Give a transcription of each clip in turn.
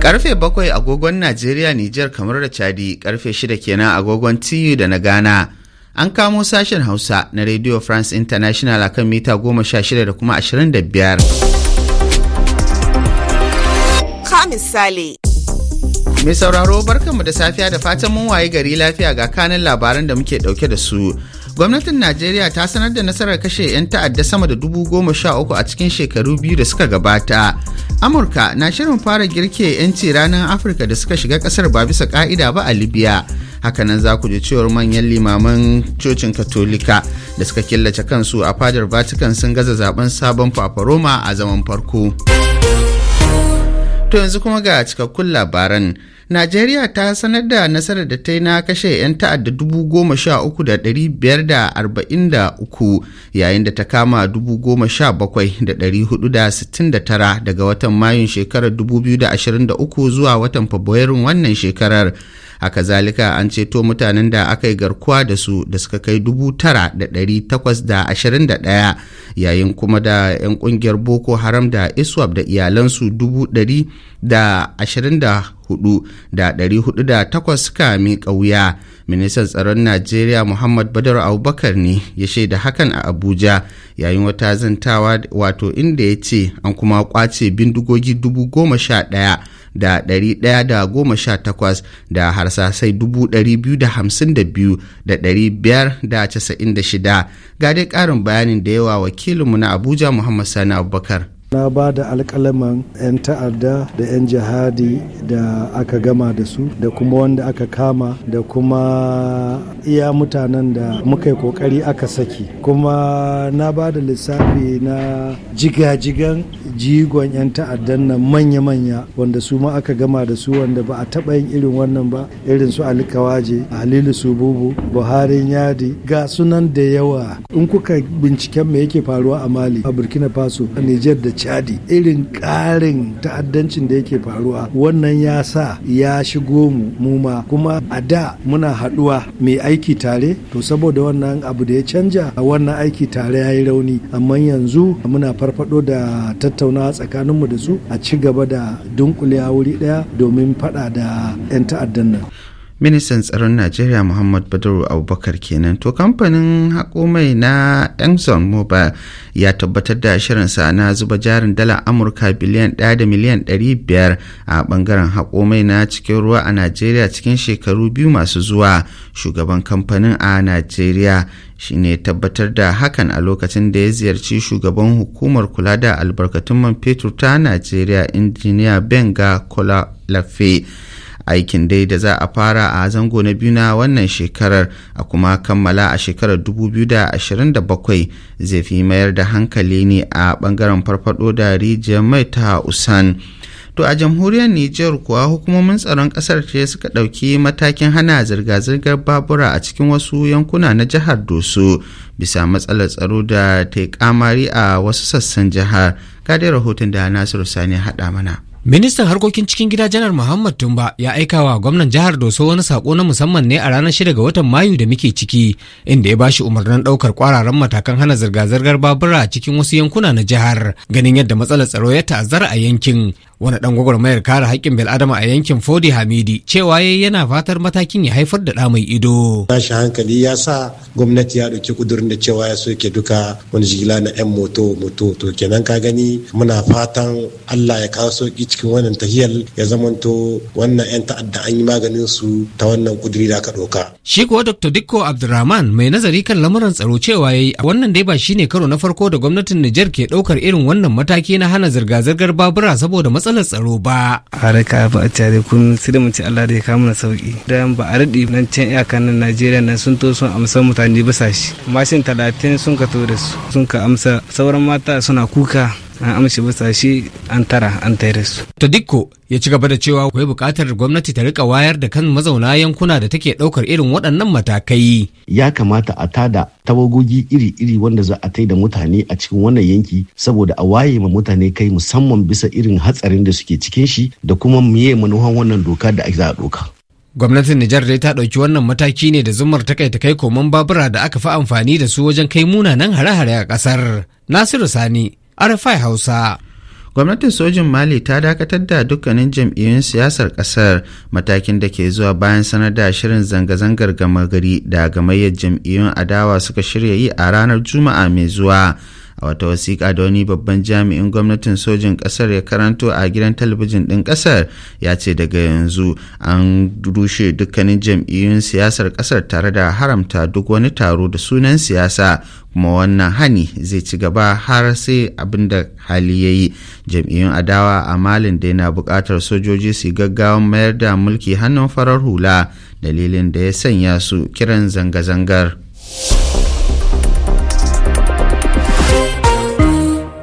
Karfe bakwai agogon Najeriya Nijar kamar da Chadi karfe shida kenan agogon TU da na Ghana. An kamo sashen Hausa na Radio France International akan mita goma sha shida da kuma ashirin da biyar. Ka Mai sauraro barkanmu da safiya da fatan mun wayi gari lafiya ga kanin labaran da muke dauke da su. Gwamnatin Najeriya ta sanar da nasarar kashe 'yan ta'adda sama da dubu goma sha uku a cikin shekaru biyu da suka gabata. Amurka na shirin fara girke 'yanci ranar Afirka da suka shiga kasar ba bisa ka'ida ba a Libya. Hakanan za ku ji cewar manyan limaman cocin Katolika da suka killace kansu a fadar Vatican sun gaza zaben sabon fafaroma a zaman farko. To yanzu kuma ga cikakkun labaran. Najeriya ta sanar da nasarar da ta yi na kashe 'yan ta'adda uku, yayin da ta kama tara daga watan Mayun shekarar 2023 zuwa watan Fabrairun wannan shekarar. A kazalika an ceto mutanen da aka yi garkuwa da su da suka kai 9,821 yayin kuma da 'yan kungiyar Boko Haram da Iswap da iyalansu da. hudu da ɗari hudu da takwas suka miƙa wuya ministan tsaron najeriya muhammad badar abubakar ne ya shaida hakan a abuja yayin wata zantawa wato inda ya ce an kuma kwace bindigogi dubu goma sha ɗaya da ɗari ɗaya da goma sha takwas da harsasai dubu ɗari biyu da hamsin da biyu da ɗari biyar da casa'in da shida ga dai ƙarin bayanin da yawa wakilinmu na abuja muhammad sani abubakar na ba da alkalaman 'yan ta'adda da 'yan jihadi da aka gama da su da kuma wanda aka kama da kuma iya mutanen da muka yi kokari aka saki kuma na ba da lissafi na jigajigan jigon 'yan ta'addan nan manya-manya wanda su ma aka gama da su wanda ba a taɓa yin irin wannan ba irin su alkawaje halilu sububu buharin yadi ga sunan da yawa in kuka binciken me yake faruwa a mali a burkina faso a nijar da chadi irin ƙarin ta'addancin da yake faruwa wannan ya sa ya shigo mu muma kuma a da muna haɗuwa mai aiki tare to saboda wannan abu da ya canja a wannan aiki tare ya yi rauni amma yanzu muna farfado da tattaunawa tsakaninmu da su a ci gaba da dunkulewa wuri ɗaya domin faɗa da 'yan ta'addan nan ministan tsaron najeriya muhammad badaru abubakar kenan to kamfanin haƙo mai na exxon mobil ya tabbatar da shirinsa na zuba jarin dala amurka biliyan 1 da miliyan 500 a bangaren haƙo mai na cikin ruwa a najeriya cikin shekaru biyu masu zuwa shugaban kamfanin a najeriya shine tabbatar da hakan a lokacin da ya ziyarci shugaban hukumar kula da albarkatun man fetur ta najeriya injiniya benga kola lafe aikin dai da za a fara a zango na biyu na wannan shekarar a kuma kammala a shekarar 2027 zai fi mayar da hankali ne a bangaren farfado da rijiyar mai ta usan to a jamhuriyar niger kuwa hukumomin tsaron kasar ce suka ɗauki matakin hana zirga-zirgar babura a cikin wasu yankuna na jihar doso bisa matsalar tsaro da ta kamari a wasu sassan jihar ga rahoton da nasiru sani haɗa mana Ministan harkokin cikin gida janar Muhammad Tumba ya aika wa gwamnan jihar Doso wani sako na musamman ne a ranar shida ga watan Mayu da muke ciki inda ya bashi umarnin daukar kwararan matakan hana zirga-zirgar babura cikin wasu yankuna na jihar ganin yadda matsalar tsaro ya ta'azzara a yankin wani dan gwagwarmayar kare haƙƙin bil'adama a yankin fodi hamidi cewa yana fatar matakin ya haifar da mai ido tashi hankali ya sa gwamnati ya ɗauki kudurin da cewa ya soke duka wani jigila na yan moto moto to kenan ka gani muna fatan allah ya kawo sauki cikin wannan tahiyar ya zamanto wannan yan ta'adda an yi maganin su ta wannan ƙuduri da aka ɗauka shi kuwa dr dikko abdulrahman mai nazari kan lamuran tsaro cewa ya yi wannan dai ba shine karo na farko da gwamnatin nijar ke ɗaukar irin wannan mataki na hana zirga-zirgar babura saboda matsalar matsalar tsaro ba. Har ka ba a cari kun sai da mace Allah da ya kama sauki. Dan ba a daɗe nan can iyakan nan Najeriya nan sun to sun amsa mutane basa shi. Mashin talatin sun ka to da su sun ka amsa sauran mata suna kuka. an amshi bisa shi an tara an tare su. dikko, ya ci gaba da cewa akwai buƙatar gwamnati ta rika wayar da kan mazauna yankuna da take ɗaukar irin waɗannan matakai. Ya kamata a tada tawagogi iri-iri wanda za a tai da mutane a cikin wannan yanki saboda a waye ma mutane kai musamman bisa irin hatsarin da suke cikin shi da kuma miye manuhan wannan doka da za a ɗauka. gwamnatin nijar dai ta ɗauki wannan mataki ne da zumar ta kai ta kai koman babura da aka fi amfani da su wajen kai munanan hare-hare a ƙasar nasiru sani RFI hausa gwamnatin sojin mali ta dakatar da dukkanin jam'iyyun siyasar kasar matakin da ke zuwa bayan sanar da shirin zanga-zangar gama gari da gamayyar jam'iyyun adawa suka shirya yi a ranar juma'a mai zuwa a wata wasiƙa da wani babban jami'in gwamnatin sojin ƙasar ya karanto a gidan talabijin ɗin ƙasar ya ce daga yanzu an rushe dukkanin jam'iyyun siyasar ƙasar tare da haramta duk wani taro da sunan siyasa kuma wannan hani zai ci gaba har sai abin da hali ya yi jam'iyyun adawa a malin da yana buƙatar sojoji su gaggawan mayar da mulki hannun farar hula dalilin da ya sanya su kiran zanga-zangar.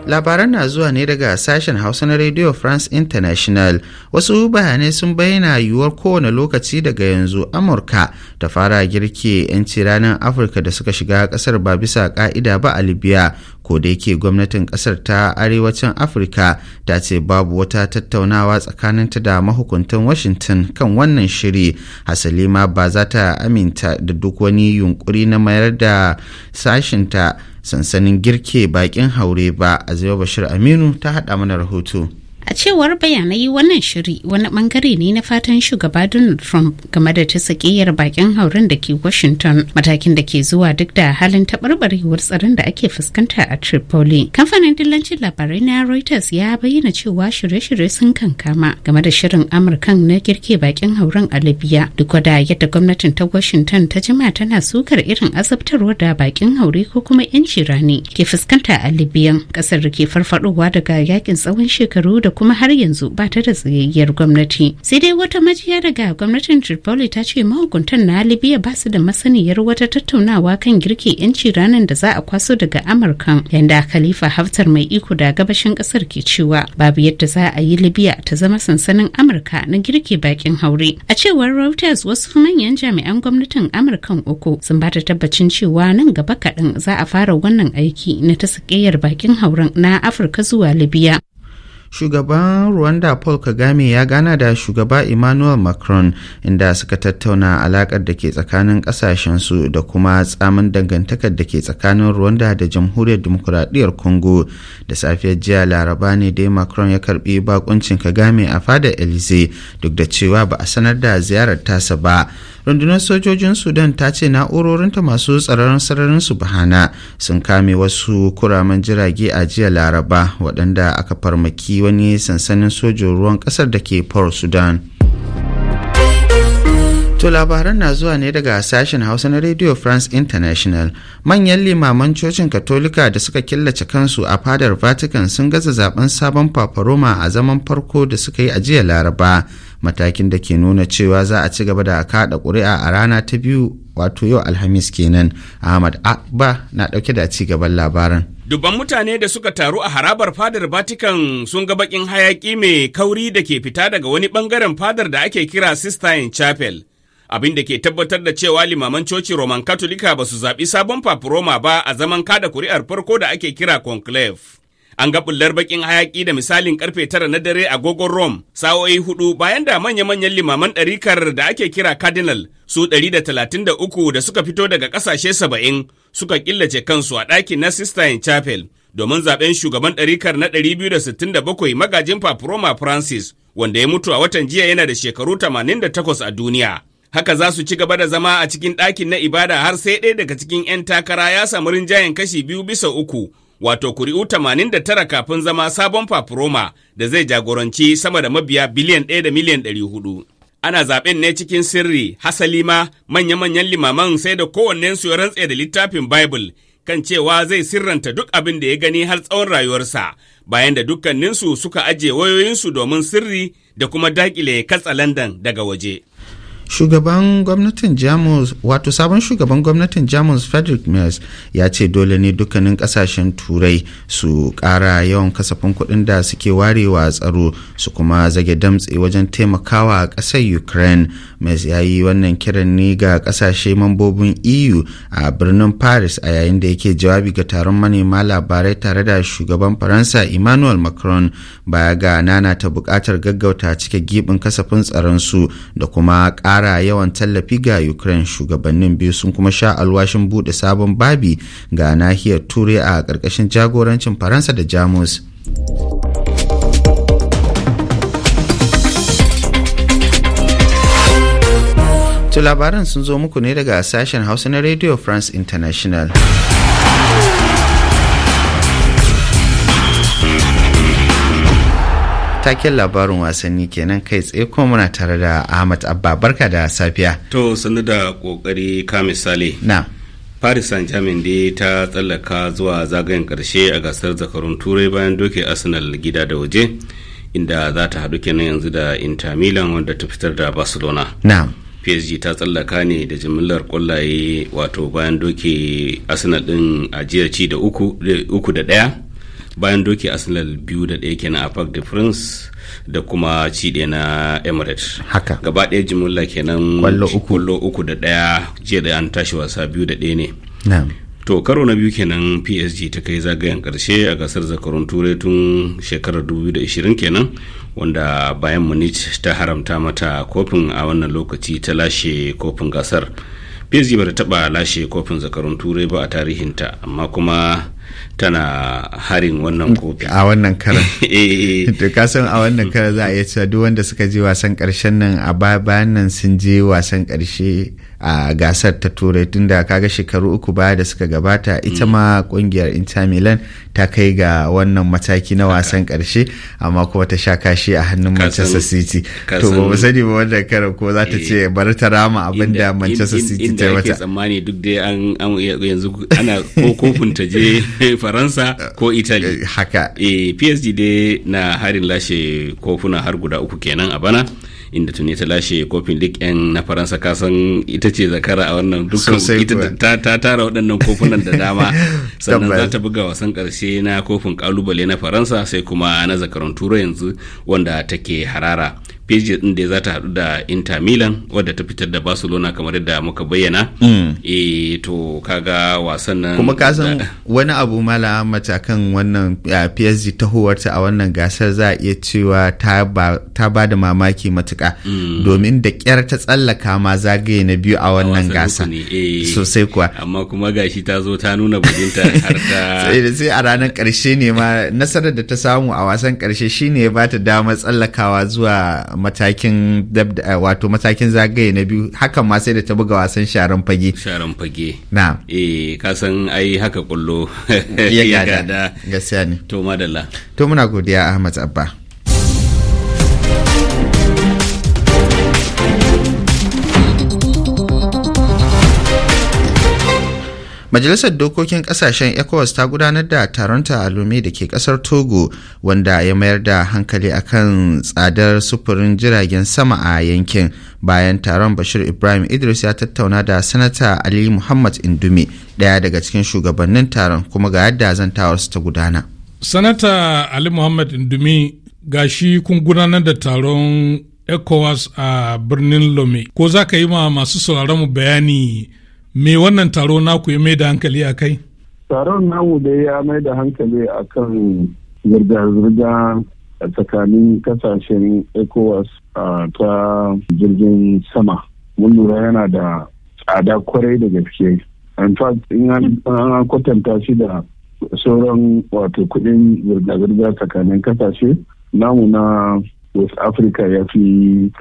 labaran na zuwa ne daga sashen hausa na radio france international wasu bayanai sun bayyana yiwuwar kowane lokaci daga yanzu amurka ta fara girke 'yanci ranar afirka da suka shiga kasar ba bisa ka'ida ba a libya ko da yake gwamnatin kasar ta arewacin afirka ta ce babu wata tattaunawa tsakaninta da mahukuntan washington kan wannan shiri hasali ma ba za ta aminta da duk wani yunkuri na mayar da sashinta sansanin girke bakin haure ba a bashir aminu ta haɗa mana rahoto A cewar bayanai wannan shiri wani bangare ne na fatan shugaba Donald Trump game da ta sakiyar bakin hauren da ke Washington matakin da ke zuwa duk da halin taɓarɓarewar tsaron da ake fuskanta a Tripoli. Kamfanin dillancin labarai na Reuters ya bayyana cewa shirye-shirye sun kankama game da shirin Amurkan na girke bakin hauren a Libya duk da yadda gwamnatin ta Washington ta jima tana sukar irin azabtarwa da bakin haure ko kuma 'yan ne. ke fuskanta a Libya kasar da ke farfadowa daga yakin tsawon shekaru da kuma har yanzu ba ta da tsayayyar gwamnati sai dai wata majiya daga gwamnatin tripoli ta ce mahukuntan na libya ba su da masaniyar wata tattaunawa kan girke yanci ranar da za a kwaso daga amurka yanda khalifa haftar mai iko da gabashin kasar ke cewa babu yadda za a yi libya ta zama sansanin amurka na girke bakin haure a cewar reuters wasu manyan jami'an gwamnatin amurkan uku sun ba ta tabbacin cewa nan gaba kaɗan za a fara wannan aiki na ta bakin hauren na afirka zuwa libya shugaban rwanda paul kagame ya gana da shugaba emmanuel macron inda suka tattauna alakar da ke tsakanin kasashensu da kuma tsamin dangantakar da ke tsakanin rwanda da jamhuriyar demokuraɗiyyar congo da safiyar jiya laraba ne dai macron ya karbi bakuncin kagame a fadar elize duk da cewa ba a sanar da ziyarar tasa ba rundunar sojojin sudan ta ce na'urorinta masu tsararin sararin su bahana sun kame wasu kuraman jirage a jiya laraba waɗanda aka farmaki wani sansanin sojin ruwan ƙasar da ke port sudan To labaran na zuwa ne daga sashen Hausa na Radio France International. Manyan limaman cocin Katolika da suka killace kansu a fadar Vatican sun gaza zaben sabon Roma a zaman farko da suka yi a jiya Laraba. Matakin da ke nuna cewa za a ci gaba da kaɗa ƙuri'a a rana ta biyu wato yau Alhamis kenan. Ahmad Abba na ɗauke da ci gaban labaran. Dubban mutane da suka taru a harabar fadar Vatican sun ga bakin hayaki mai kauri da ke fita daga wani bangaren fadar da ake kira Sistine Chapel. abin da ke tabbatar da cewa limaman coci Roman Katolika ba su zaɓi sabon Roma ba a zaman kada kuri'ar farko da ake kira conclave. An ga bullar bakin hayaki da misalin karfe tara na dare a agogon Rome sa'o'i hudu bayan da manya-manyan limaman ɗarikar da ake kira cardinal su 133 da suka fito daga ƙasashe 70 suka killace kansu a ɗakin na Sistine Chapel domin zaben shugaban ɗarikar na 267 magajin Roma Francis wanda ya mutu a watan jiya yana da shekaru 88 a duniya. Haka za su ci gaba da zama a cikin ɗakin na ibada har sai ɗaya daga cikin 'yan takara ya samu rinjayen kashi biyu bisa uku, wato kuri'u tamanin da tara kafin zama sabon fafuroma da zai jagoranci sama da mabiya biliyan ɗaya da miliyan ɗari hudu. Ana zaɓen ne cikin sirri, hasali ma manya-manyan limaman sai da kowannensu ya rantse da littafin Bible kan cewa zai sirranta duk abin da ya gani har tsawon rayuwarsa bayan da dukkaninsu suka ajiye wayoyinsu domin sirri da kuma dakile katsa Landan daga waje. shugaban gwamnatin jamus wato sabon shugaban gwamnatin jamus frederick mills ya ce dole ne dukkanin kasashen turai su kara yawan kasafin kuɗin da suke warewa tsaro su kuma zage damtse wajen taimakawa ƙasar ukraine mills ya yi wannan kiran ne ga kasashe mambobin eu a birnin paris a yayin da yake jawabi ga taron manema labarai tare da shugaban faransa emmanuel macron baya ga nana ta buƙatar gaggauta cike gibin kasafin tsaron su da kuma ƙara kara yawan tallafi ga ukraine shugabannin biyu sun kuma sha alwashin buɗe sabon babi ga nahiyar turai a ƙarƙashin jagorancin faransa da jamus To labaran sun zo muku ne daga sashen hausa na radio france international taken labarin wasanni kenan kai tsaye ko muna tare da Ahmad Abba barka da safiya. To sannu da kokari ka misali. Na. Paris Saint-Germain dai ta tsallaka zuwa zagayen karshe a gasar zakarun turai bayan doke Arsenal gida da waje inda za ta haɗu kenan yanzu da Inter Milan wanda ta fitar da Barcelona. Na. PSG ta tsallaka ne da jimillar kwallaye wato bayan doke Arsenal din ajiyar ci da uku da daya. bayan doki arsenal biyu da ɗaya kenan a park de france da kuma ci na emirates haka gaba ɗaya jimilla kenan kwallo uku da ɗaya jiya da an tashi wasa biyu da ɗaya ne to karo na biyu kenan psg ta kai zagayen ƙarshe a gasar zakarun turai tun shekarar 2020 kenan wanda bayan munich ta haramta mata kofin a wannan lokaci ta lashe kofin gasar psg ba ta taba lashe kofin zakarun turai ba a tarihinta amma kuma tana harin wannan kofi a wannan karan eh. to kasan a wannan karan za a iya cewa duk wanda suka je wasan karshen nan a bayan nan sun je wasan karshe a gasar ta turai tunda kaga shekaru uku baya da suka gabata ita ma kungiyar inter milan ta kai ga wannan mataki na wasan karshe amma kuma ta sha kashi a hannun manchester city to ba sani ba wannan karan ko za ta ce eh, bari ta rama abin da manchester city ta mata inda tsammani duk dai an yanzu ana ko kofin ta je faransa ko italy eh, haka eh, psg dai na harin lashe kofuna har guda uku kenan a bana inda tuni ta lashe kofin duk yan na faransa kasan ita ce zakara a wannan dukkan ita ta tara waɗannan kofunan da dama sannan za ta buga wasan ƙarshe na kofin kalubale na faransa sai kuma na zakarun turai yanzu wanda take harara PSG din da za ta haɗu da Inter Milan wadda ta fitar da Barcelona kamar yadda muka bayyana. Mm. E to kaga wasan nan kuma ka san wani abu mala matakan wannan uh, PSG tahowarta a wannan gasar za a iya cewa ta ba da mamaki matuka mm. domin da kyar ta tsallaka ma zagaye na biyu a wannan gasa eh. sosai kuwa amma kuma gashi ta zo ta nuna bujinta har ta sai a ranar karshe ne ma nasarar da ta samu a wasan karshe shine ya bata damar tsallakawa zuwa matakin eh, wato matakin zagaye na biyu hakan ma sai da ta buga wasan sharan fage sharan fage na eh ka san ai haka kullo ya gada gaskiya ne to madalla to muna godiya Ahmad Abba Majalisar Dokokin Ƙasashen ECOWAS ta gudanar da taronta a da ke ƙasar Togo wanda ya mayar da hankali akan tsadar sufurin jiragen sama a yankin. Bayan taron Bashir Ibrahim Idris ya tattauna da Sanata Ali Muhammad indumi ɗaya daga cikin shugabannin taron kuma ga yadda zantawarsu ta gudana. Sanata Ali Muhammad Indumi ga shi kun gudanar da taron ECOWAS a birnin Lome. Ko za ka yi ma masu sauraron mu bayani me wannan taro naku ya mai da hankali a kai taron namu da ya mai da hankali a kan zirga-zirga a tsakanin kasashen ecowas ta jirgin sama mun lura yana da tsada kwarai da gaske in fact in an kwatanta shi da sauran wato kudin zirga-zirga tsakanin kasashe namu na west africa ya fi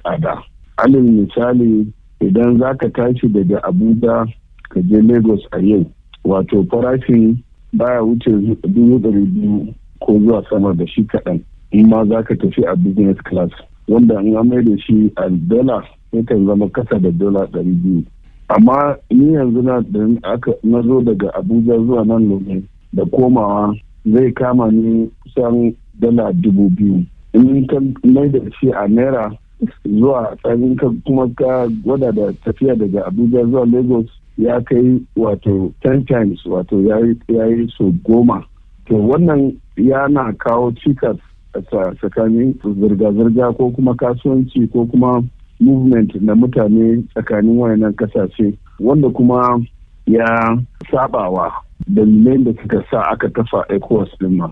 tsada alin misali idan za ka tashi daga abuja ka je lagos a yau wato farashin baya wuce dubu ɗari biyu ko zuwa sama da shi kaɗan in ma za ka tafi a business class wanda in mai da shi a dala yakan zama kasa da dala ɗari biyu amma ni yanzu na da aka nazo daga abuja zuwa nan lome da komawa zai kama ni kusan dala dubu biyu in ka mai da shi a naira zuwa tsarin kuma ka gwada da tafiya daga abuja zuwa lagos ya kai wato 10 times wato ya yi so goma to wannan yana kawo cikas tsakanin zirga-zirga ko kuma kasuwanci ko kuma movement na mutane tsakanin wayannan kasashe wanda kuma ya sabawa dalilai da suka sa aka tafa ecowas din ma.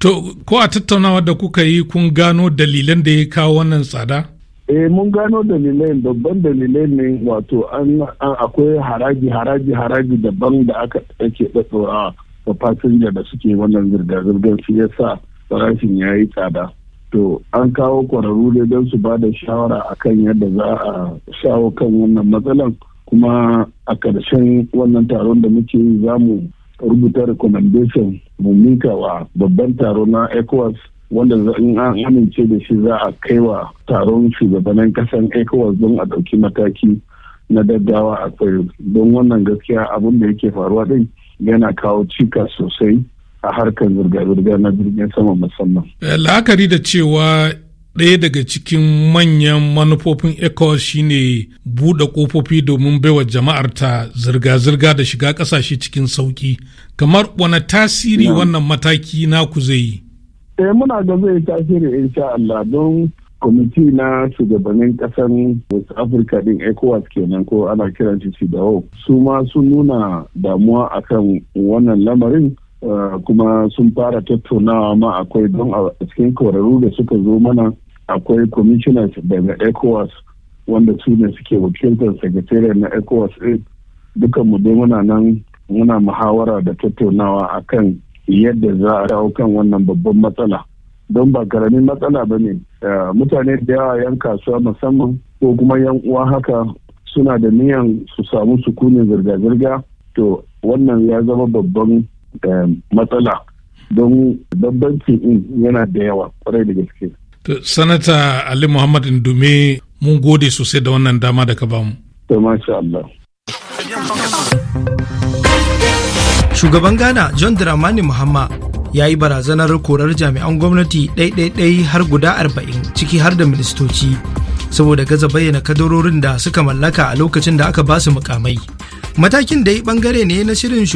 To, ko a tattaunawa da kuka yi kun gano dalilan da ya kawo wannan tsada? eh mun gano dalilai babban dalilai ne wato an akwai haraji haraji haraji daban da aka ake ɗaɗɗora wa fasinja da suke wannan zirga-zirgar shi yasa farashin ya yi tsada to an kawo kwararru ne don su ba da shawara kan yadda za a shawo kan wannan matsalan kuma a ƙarshen wannan taron da muke yi za mu rubuta recommendation mu mika wa babban taro na ecowas wanda in an amince da shi za a kai wa taron shugabannin kasan ecowas don a ɗauki mataki na daddawa a tsaye don wannan gaskiya abin da yake faruwa din yana kawo cika sosai a harkar zirga-zirga na jirgin sama musamman. Eh, la'akari da cewa ɗaya daga cikin manyan manufofin ecowas shine buɗe ƙofofi domin baiwa jama'ar ta zirga-zirga da shiga ƙasashe cikin sauƙi kamar wani tasiri wannan mataki naku zai yi eh muna ga zai tasiri insha Allah don kwamiti na shugabannin kasan west africa din ecowas kenan ko ana kiran shi dawo su ma sun nuna damuwa akan wannan lamarin eh, kuma sun fara tattaunawa ma akwai don a cikin kwararru da suka zo mana akwai commissioners daga ecowas wanda su ne suke wakiltar secretariat na ecowas din dukan mu dai muna nan muna muhawara da tattaunawa akan yadda za a dawo kan wannan babban matsala don ba karamin matsala ba ne eh, mutane da yawa yan kasuwa musamman ko kuma yan uwa haka suna da niyan su samu sukunin zirga-zirga to wannan ya zama babban eh, matsala don bambancin in yana da yawa kwarai da gaske. sanata ali muhammad indume mun gode sosai da wannan dama da ka bamu. to masha Allah. shugaban ghana john dramani muhamma ya yi barazanar korar jami'an gwamnati ɗaiɗaiɗai har guda arba'in ciki har da ministoci saboda gaza bayyana kadarorin da suka mallaka a lokacin da aka basu mukamai matakin da yi bangare ne na shirin